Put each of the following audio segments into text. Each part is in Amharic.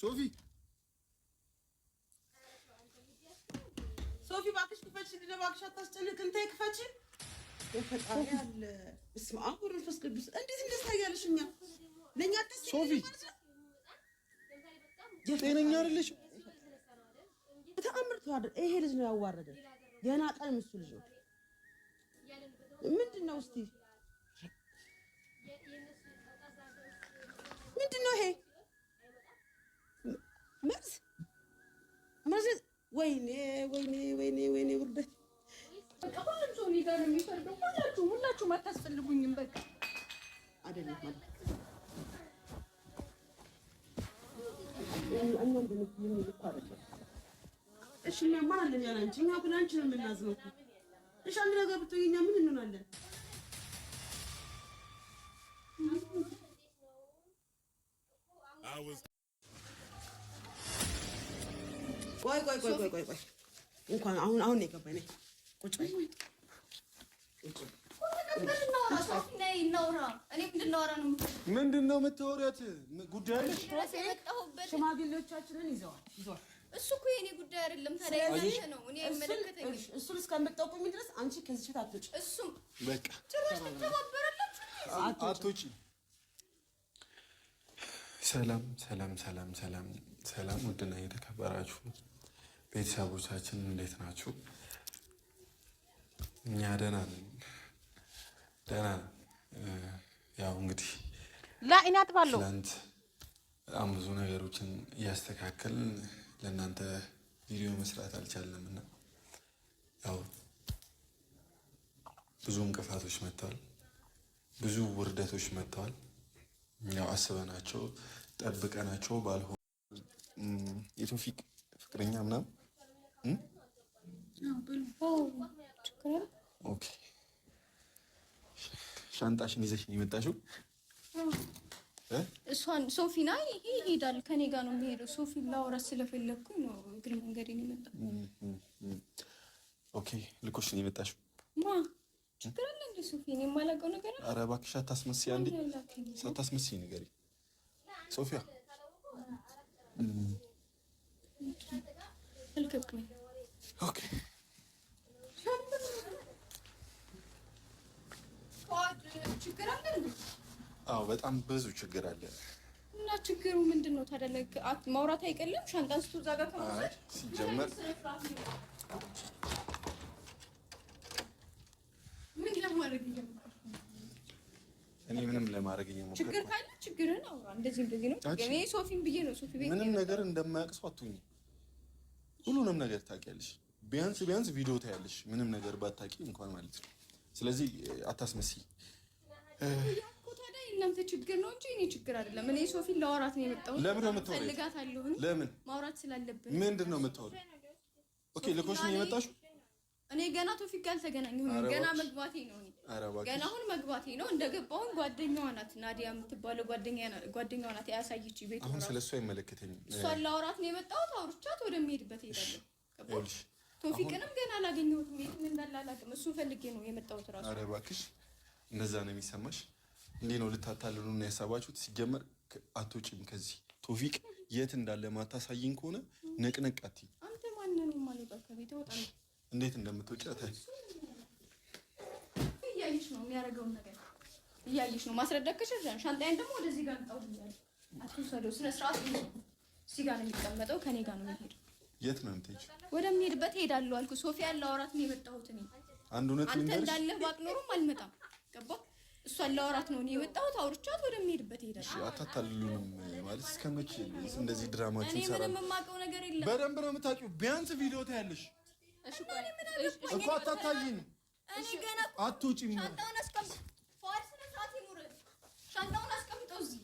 ሶፊ ሶፊ እባክሽ ክፈች እንደ እባክሽ አታስጨንቅ። እንተ ክፈች በፈጣሪ ያለ እስማ አሁን መንፈስ ቅዱስ እንዴት እንደት እኛ ለእኛ አዲስ ሶፊ ጤነኛ አይደለሽ። ተአምር ተዋደ። ይሄ ልጅ ነው ያዋረደ። ቀን እሱ ልጅ ነው። ምንድን ነው እስቲ አይደለም ያላንቺ፣ እኛ ግን አንቺ ነው የምናዝነው እኮ። እሺ አንድ ነገር እኛ ምን እንሆናለን? ቆይ ቆይ ቆይ ቆይ ቆይ እንኳን አሁን አሁን ነው የገባኝ። ቁጭ በይ ምንድን ነው የምታወሪያት ጉዳይ አለሽ? ሽማግሌዎቻችንን ይዘዋል ይዘዋል እሱ እኮ የኔ ጉዳይ አይደለም። ታዲያ ያንተ ነው። እኔ አይመለከተኝም። እሱን እስከምታውቁኝ ድረስ አንቺ ከዚህ ቻት አትወጪ። እሱም በቃ ጭራሽ ትተባበራላችሁ። ሰላም ሰላም ሰላም ሰላም ሰላም። ውድና የተከበራችሁ ቤተሰቦቻችን እንዴት ናችሁ? እኛ ደህና ነን፣ ደህና ነን። ያው እንግዲህ ላይን አጥባለሁ። ትናንት በጣም ብዙ ነገሮችን እያስተካከልን ለእናንተ ቪዲዮ መስራት አልቻለም እና ያው ብዙ እንቅፋቶች መጥተዋል፣ ብዙ ውርደቶች መጥተዋል። ያው አስበናቸው ጠብቀናቸው ባልሆኑ የቶፊቅ ፍቅረኛ ምናምን ሻንጣሽን ይዘሽ ነው የመጣሽው? እሷን ሶፊና ይሄ ይሄዳል ከኔ ጋር ነው የሚሄደው። ሶፊ ላወራት ስለፈለግኩኝ ነው እግር መንገድ የመጣው። ኦኬ ልኮሽ ነው የመጣሽው? ማ ችግር አለ እንደ ሶፊ እኔ የማላውቀው ነገር አለ። ኧረ እባክሽ አታስመስይ፣ አንዴ ሳታስመስይ ንገሪኝ ሶፊያ። ኦኬ ነው። በጣም ብዙ ችግር አለ። እና ችግሩ ምንድን ነው ታዲያ? ማውራት አይቀልም። ሻንጣ አንስቶ እዛ ጋር ሲጀመር ምን ለማድረግ እኔ ምንም ለማድረግ እየሞከርኩ ችግር ካለ ችግርን አውራ። እንደዚህ እንደዚህ ነው እኔ ሶፊን ብዬ ነው ሶፊ ቤት ምንም ነገር እንደማያውቅ ሰው አትሁኝ። ሁሉንም ነገር ታውቂያለሽ። ቢያንስ ቢያንስ ቪዲዮ ታያለሽ። ምንም ነገር ባታውቂ እንኳን ማለት ነው። ስለዚህ አታስመስይ። እናንተ ችግር ነው እንጂ እኔ ችግር አይደለም። እኔ ሶፊን ለወራት ነው የመጣሁት። ለምን ነው የምትወሪው? ፈልጋታለሁ። ለምን ማውራት ስላለብን ምንድን ነው የምትወሪው? ኦኬ ልኮሽ ነው የመጣሽው? እኔ ገና ቶፊቅ ጋር አልተገናኘሁም። ገና መግባቴ ነው። ገና አሁን መግባቴ ነው። እንደገባሁን ጓደኛዋ ናት ናዲያ የምትባለው ጓደኛዋ ናት ያሳየች ቤት። አሁን ስለሱ አይመለከተኝም። እሷን ለወራት ነው የመጣሁት። አውርቻት ወደሚሄድበት እሄዳለሁ። ቶፊቅንም ገና አላገኘሁትም። የት እንዳለ አላውቅም። እሱን ፈልጌ ነው የመጣሁት ራሱ። ኧረ እባክሽ እንደዛ ነው የሚሰማሽ እንዴ ነው ልታታልሉ ነው ያሳባችሁት። ሲጀመር አትወጪም ከዚህ ቶፊቅ የት እንዳለ ማታሳይን ከሆነ ነቅነቅ አቲ እንዴት እንደምትወጪ እያየሽ ነው የሚያደርገውን ነገር እያየሽ ነው ማስረዳከሽ። ሻንጣዬን ደግሞ ወደዚህ ጋር ልጣው ብያለሁ። አትወሰደው። ስነ ስርዓት እዚህ ጋር ነው የሚቀመጠው። ከኔ ጋር ነው የሚሄድ። የት ነው የምትሄጂው? ወደሚሄድበት እሄዳለሁ አልኩ። ሶፊያ ላወራት ነው የመጣሁት እኔ። አንድ እውነት አንተ እንዳለህ ባቅ ኖሮም አልመጣም። ገባ እሷን ለወራት ነው እኔ የመጣሁት። አውርቻት ወደሚሄድበት እሄዳለሁ። አታታልሉንም ማለት እስከ መቼ እንደዚህ ድራማችን ሰራ? ምንም የማውቀው ነገር የለም። በደንብ ነው የምታውቂው። ቢያንስ ቪዲዮ ታያለሽ እኮ አታታይን። አትውጪም ሻንጣውን አስቀምጠው እዚህ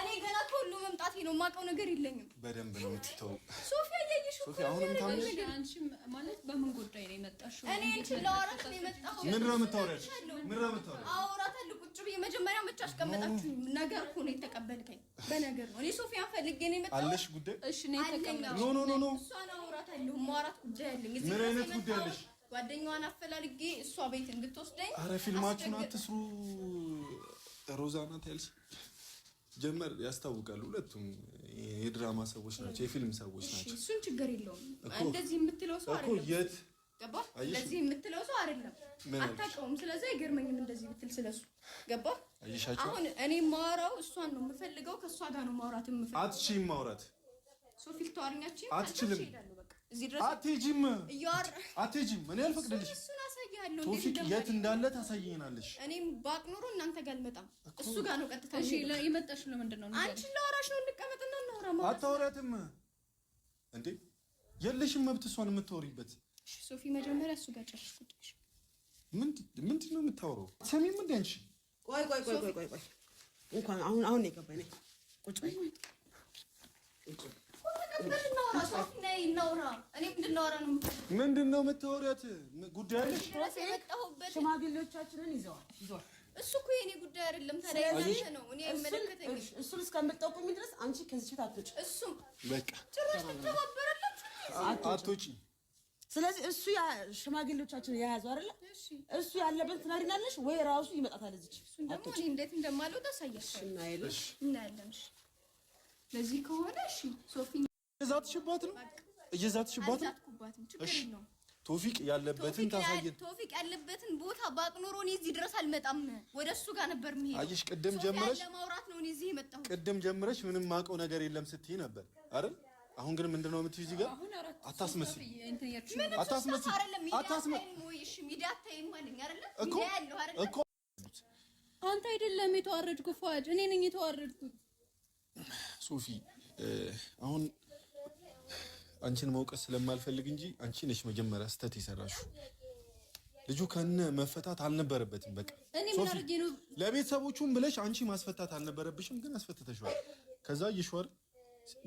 እኔ ገና ከሁሉ መምጣቴ ነው። የማውቀው ነገር የለኝም። በደንብ ነው የምትተው ሶፊያ። እያየሽ አሁንም ታምሽ ማለት በምን ጉዳይ ነው የመጣሽው? እኔ ነው የመጣሁት። ነው የምታወሪያለሽ? ነው የምታወሪያለሽ? ቁጭ አስቀመጣችሁ ነገር እኮ ነው የተቀበልከኝ። በነገር ነው እኔ ሶፊያን ፈልጌ ነው የመጣሁት። አለሽ ጉዳይ? እሺ ነው የተቀበልኩ። ኖ ኖ ኖ፣ እሷን አወራታለሁ። ማውራት ጉዳይ አለኝ። ምን አይነት ጉዳይ አለሽ? ጓደኛዋን አፈላልጌ እሷ ቤት እንድትወስደኝ። አረ ፊልማችሁን አትስሩ። ሮዛ ናት ጀመር ያስታውቃሉ። ሁለቱም የድራማ ሰዎች ናቸው፣ የፊልም ሰዎች ናቸው። እሱን ችግር የለውም እንደዚህ የምትለው ሰው የት ገባ ለዚህ የምትለው ሰው አይደለም፣ አታውቀውም። ስለዚህ አይገርመኝም እንደዚህ ብትል ስለሱ። ገባ አሁን እኔ ማውራው እሷን ነው የምፈልገው፣ ከእሷ ጋር ነው ማውራት የምፈልገው። አትችይም ማውራት አትችልም። አትሄጂም አትሄጂም። እኔ አልፈቅድልሽም። ቶፊቅ የት እንዳለ ታሳየናለሽ። እኔም ባቅ ኖሮ እናንተ ጋር አልመጣም፣ እሱ ጋር ነው ቀጥታ። እሺ የመጣሽ ለምንድን ነው? አንቺን ላወራሽ ነው። እንቀመጥና እናውራ። አታወራትም እንዴ? የለሽም መብት እሷን የምታወሪበት ሶፊ መጀመሪያ እሱ ጋር ጨረስኩልሽ። ምንድን ነው የምታወራው? ሰሚም እንደ አንቺ ቆይ ቆይ ቆይ ቆይ ቆይ እንኳን አሁን አሁን የገባኝ ቁጭ ምንድን ነው የምታወሪያት ጉዳይ አለሽ? ሽማግሌዎቻችንን ይዘዋል እሱ እኮ ጉዳይ አይደለም። ነው እኔ እሱን ድረስ አንቺ ከዚህ እሱም በቃ ጭራሽ ስለዚህ እሱ ያ ሽማግሌዎቻችን የያዙ አይደለ? እሱ ያለበት ትናድናለሽ ወይ ራሱ ይመጣታል። እዚች ደግሞ እንዴት እንደማለው ሳያችሁ እናያለሽ እናያለን። ለዚህ ከሆነ እሺ፣ ሶፊ እየዛትሽባት ነው እየዛትሽባት ነው። እሺ ቶፊቅ ያለበትን ታሳየን። ቶፊቅ ያለበትን ቦታ ባቅ ኖሮ እኔ እዚህ ድረስ አልመጣም። ወደ እሱ ጋር ነበር የምሄደው። አየሽ፣ ቅድም ጀምረሽ ለማውራት ነው እኔ እዚህ የመጣሁት። ቅድም ጀምረሽ ምንም ማውቀው ነገር የለም ስትይ ነበር አይደል? አሁን ግን ምንድነው የምትይው? እዚህ ጋር አታስመስል፣ አታስመስል፣ አታስመስል። እኮ አንተ አይደለም የተዋረድኩ ፏድ፣ እኔ ነኝ የተዋረድኩ። ሶፊ አሁን አንቺን መውቀስ ስለማልፈልግ እንጂ አንቺ ነሽ መጀመሪያ ስተት የሰራሽው። ልጁ ከነ መፈታት አልነበረበትም። በቃ ለቤተሰቦቹም ብለሽ አንቺ ማስፈታት አልነበረብሽም፣ ግን አስፈትተሽዋል። ከዛ ይሽዋር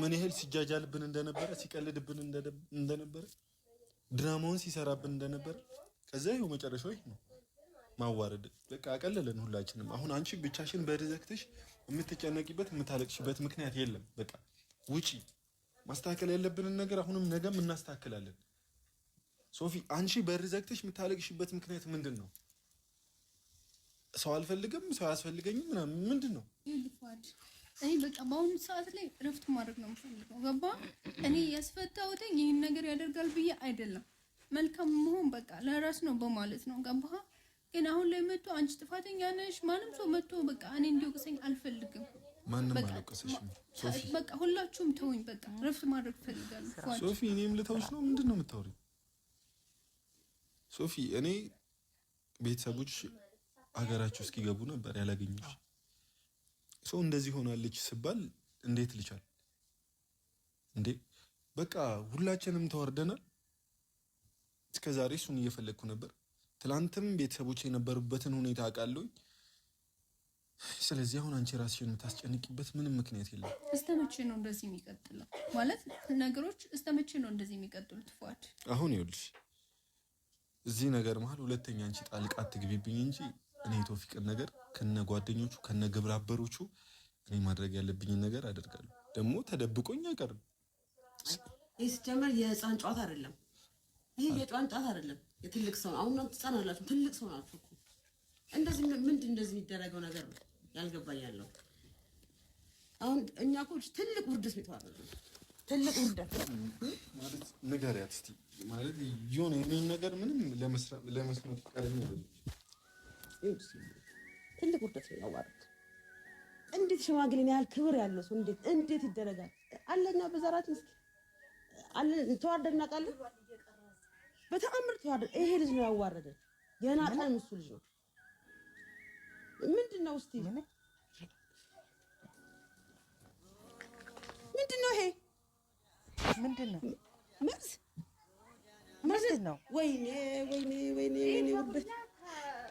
ምን ያህል ሲጃጃልብን እንደነበረ፣ ሲቀልድብን እንደነበረ፣ ድራማውን ሲሰራብን እንደነበረ ከዛ ይኸው መጨረሻው ይህ ነው። ማዋረድ በቃ አቀለለን ሁላችንም። አሁን አንቺ ብቻሽን በድዘክትሽ የምትጨነቂበት የምታለቅሽበት ምክንያት የለም። በቃ ውጪ። ማስተካከል ያለብንን ነገር አሁንም ነገም እናስተካክላለን። ሶፊ አንቺ በርዘግተሽ የምታለቅሽበት ምክንያት ምንድን ነው? ሰው አልፈልግም፣ ሰው አያስፈልገኝም ምናምን ምንድን ነው? እኔ በቃ በአሁኑ ሰዓት ላይ እረፍት ማድረግ ነው የምፈልገው። ገባ እኔ ያስፈታሁትኝ ይህን ነገር ያደርጋል ብዬ አይደለም። መልካም መሆን በቃ ለራስ ነው በማለት ነው። ገባ ግን አሁን ላይ መጥቶ አንቺ ጥፋተኛ ነሽ፣ ማንም ሰው መጥቶ በቃ እኔ እንዲወቅሰኝ አልፈልግም። ማንም አልወቀሰሽም በቃ ሁላችሁም ተውኝ፣ በቃ ረፍት ማድረግ ፈልጋለሁ ሶፊ። እኔም ልተውሽ ነው። ምንድን ነው የምታወሪው ሶፊ? እኔ ቤተሰቦች ሀገራቸው እስኪገቡ ነበር ያላገኘሽ ሰው እንደዚህ ሆናለች ስባል እንዴት ልቻል እንዴ? በቃ ሁላችንም ተዋርደናል። እስከ ዛሬ እሱን እየፈለግኩ ነበር። ትላንትም ቤተሰቦች የነበሩበትን ሁኔታ አውቃለሁኝ። ስለዚህ አሁን አንቺ ራስሽን የምታስጨንቂበት ምንም ምክንያት የለም። እስከ መቼ ነው እንደዚህ የሚቀጥለው? ማለት ነገሮች እስከ መቼ ነው እንደዚህ የሚቀጥሉት? ፏድ አሁን ይኸውልሽ፣ እዚህ ነገር መሀል ሁለተኛ አንቺ ጣልቃ አትግቢብኝ እንጂ እኔ የቶፊቅን ነገር ከነ ጓደኞቹ ከነ ግብረ አበሮቹ እኔ ማድረግ ያለብኝን ነገር አደርጋለሁ። ደግሞ ተደብቆኝ አይቀርም። ይህ ሲጀመር የህፃን ጨዋታ አይደለም። ይህ የጨዋን ጨዋታ አይደለም፣ የትልቅ ሰው አሁን ህፃን አላችሁ፣ ትልቅ ሰው ናችሁ። እንደዚህ ምንድን እንደዚህ የሚደረገው ነገር ነው ያልገባኝ ያለው አሁን እኛ እኮ ትልቅ ውርደት ነው ትልቅ ውርደት ማለት ንገሪያት እስኪ ማለት የሆነ ነገር ምንም ለመስማት ቀረኝ ትልቅ ውርደት ነው ያዋሩት። እንዴት ሽማግሌን ያህል ክብር ያለው ሰው እንዴት እንዴት ይደረጋል? አለኛ በዘራት ምስኪን አለ ተዋርደን እናውቃለን። በተአምር ተዋርደን ይሄ ልጅ ነው ያዋረደን። የናቀን እሱ ልጅ ነው። ምንድን ነው እስቲ ምንድን ነው ይሄ ምንድን ነው መርዝ መርዝ ነው። ወይኔ ወይኔ ወይኔ ወይኔ ውርደት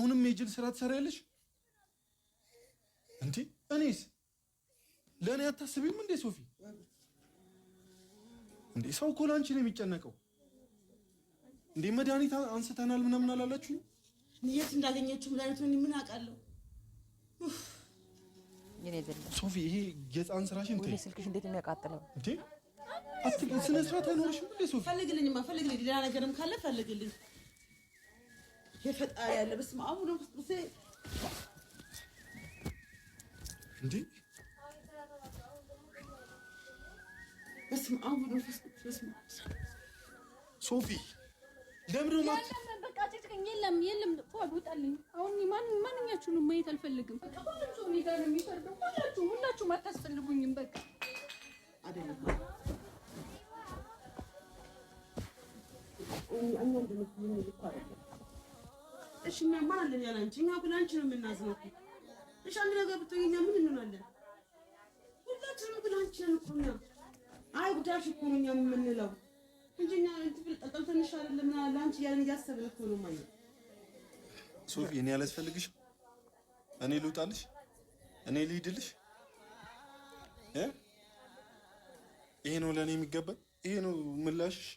አሁንም የጅል ስራ ትሰሪያለሽ እንዴ? እኔስ ለእኔ አታስቢም እንዴ ሶፊ? እንዴ ሰው እኮ ለአንቺ ነው የሚጨነቀው። እንዴ መድኃኒት አንስተናል ምናምን አላላችሁ? የት እንዳገኘችው መድኃኒቱን ምን አውቃለሁ? ሶፊ ይሄ የጻን ስራሽ እንዴ ስልክሽ እንዴት የሚያቃጥለው እንዴ! አትስነ ስርዓት አይኖርሽም እንዴ ሶፊ? ፈልግልኝማ፣ ፈልግልኝ ሌላ ነገርም ካለ ፈልግልኝ የፈጣሪ ያለ በስመ አብ ወወልድ ወመንፈስ ቅዱስ ሶፊ ለምንድን ነው የለም የለም ውጣልኝ። አሁን ማንኛችሁንም ማየት አልፈልግም። ሁሉም ሰው ሁላችሁም አታስፈልጉኝም። በቃ እኛ ማን አለን ያለ አንቺ? እኛ ሁሉ አንቺ ነው የምናዝነው። እሺ አንድ ነገር ብትሆኚ እኛ ምን እንሆናለን? ሁላችንም ሁሉ አንቺ ነን እኮ እኛ። አይ ጉዳሽ እኮ ነው እኛ የምንለው እንጂ እኛ ጠልጠል ትንሽ አይደለም ለአንቺ እያለን እያሰብን እኮ ነው ማለት። ሶፊ እኔ አላስፈልግሽም። እኔ ልውጣልሽ፣ እኔ ልሂድልሽ። ይሄ ነው ለእኔ የሚገባኝ። ይሄ ነው ምላሽሽ።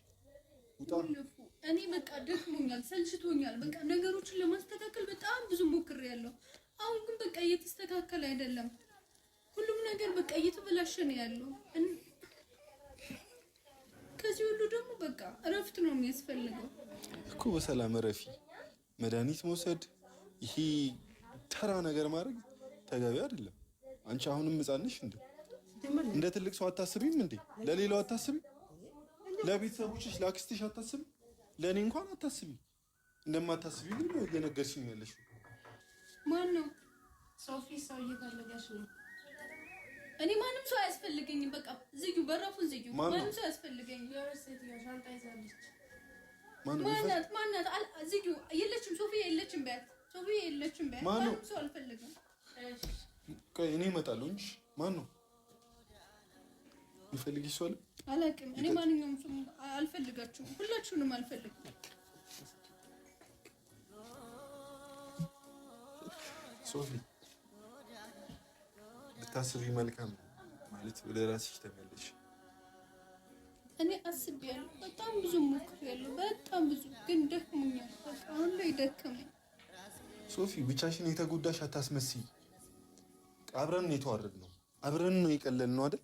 ውጣ እኔ በቃ ደክሞኛል፣ ሰልችቶኛል። በቃ ነገሮችን ለማስተካከል በጣም ብዙ ሞክሬያለሁ። አሁን ግን በቃ እየተስተካከለ አይደለም። ሁሉም ነገር በቃ እየተበላሸ ነው ያለው። ከዚህ ሁሉ ደግሞ በቃ እረፍት ነው የሚያስፈልገው እኮ በሰላም እረፊ። መድኃኒት መውሰድ ይሄ ተራ ነገር ማድረግ ተገቢ አይደለም። አንቺ አሁንም ሕፃን እንደ እንደ ትልቅ ሰው አታስቢም እንዴ? ለሌላው አታስቢ? ለቤተሰቦችሽ፣ ለአክስትሽ አታስቢም? ለእኔ እንኳን አታስቢ። እንደማታስቢ ግን እየነገርሽኝ ያለሽ። ማን ነው ሶፊ? ሰው እየፈለገሽ ነው። እኔ ማንም ሰው አያስፈልገኝም። በቃ ዝዩ፣ በረፉን ዝዩ። ማንም ሰው አያስፈልገኝም። ማናት? ማናት? ዝዩ የለችም። ሶፊ የለችም። በያት፣ ሶፊ የለችም። በያት። ማንም ሰው አልፈልግም። ቆይ እኔ እመጣለሁ እንጂ ማን ነው የሚፈልግ ይሷል አላውቅም። እኔ ማንኛውም ሰው አልፈልጋችሁም፣ ሁላችሁንም አልፈልግም። ሶፊ ብታስቢ መልካም ማለት ወደ ራስሽ ተመለሽ። እኔ አስቤያለሁ፣ በጣም ብዙ ሞክሬያለሁ፣ በጣም ብዙ ግን ደክሞኛል። በቃ አሁን ላይ ደከመኝ። ሶፊ ብቻሽን የተጎዳሽ አታስመስይ። አብረን ነው የተዋረድ ነው፣ አብረን ነው የቀለል ነው አይደል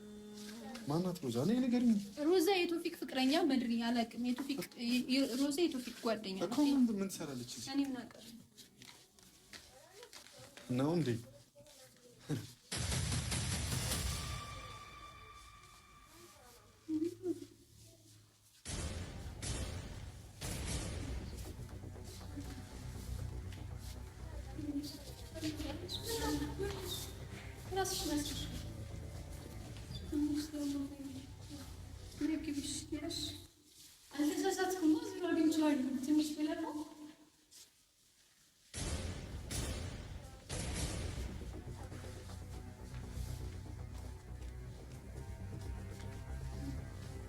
ማናት ሮዛ? እኔ ንገሪኝ። ሮዛ የቶፊክ ፍቅረኛ መድሪ አላውቅም። የቶፊክ ሮዛ የቶፊክ ጓደኛ ነው። ምን ትሰራለች? እኔ ምን አውቃለሁ ነው እንዴ?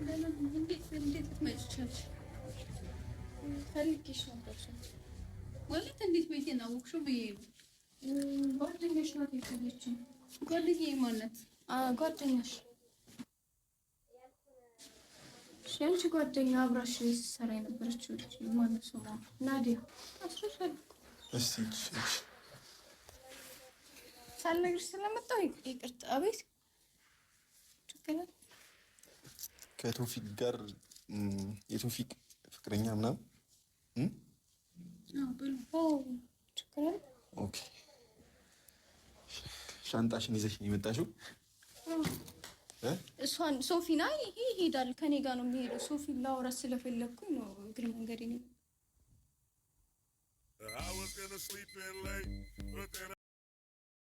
ጓደኛሽ ጓደኛ አብራሽ ስትሰራ የነበረችው ልጅ ስሟ ናዲያ። ሳልነግርሽ ስለመጣሁ ይቅርታ። አቤት ከቶፊቅ ጋር የቶፊቅ ፍቅረኛ ምናምን ሻንጣሽን ይዘሽ ነው የመጣሽው? እሷን ሶፊና ይሄዳል። ከኔ ጋር ነው የሚሄደው። ሶፊ ላውራት ስለፈለግኩኝ ነው እግር መንገድ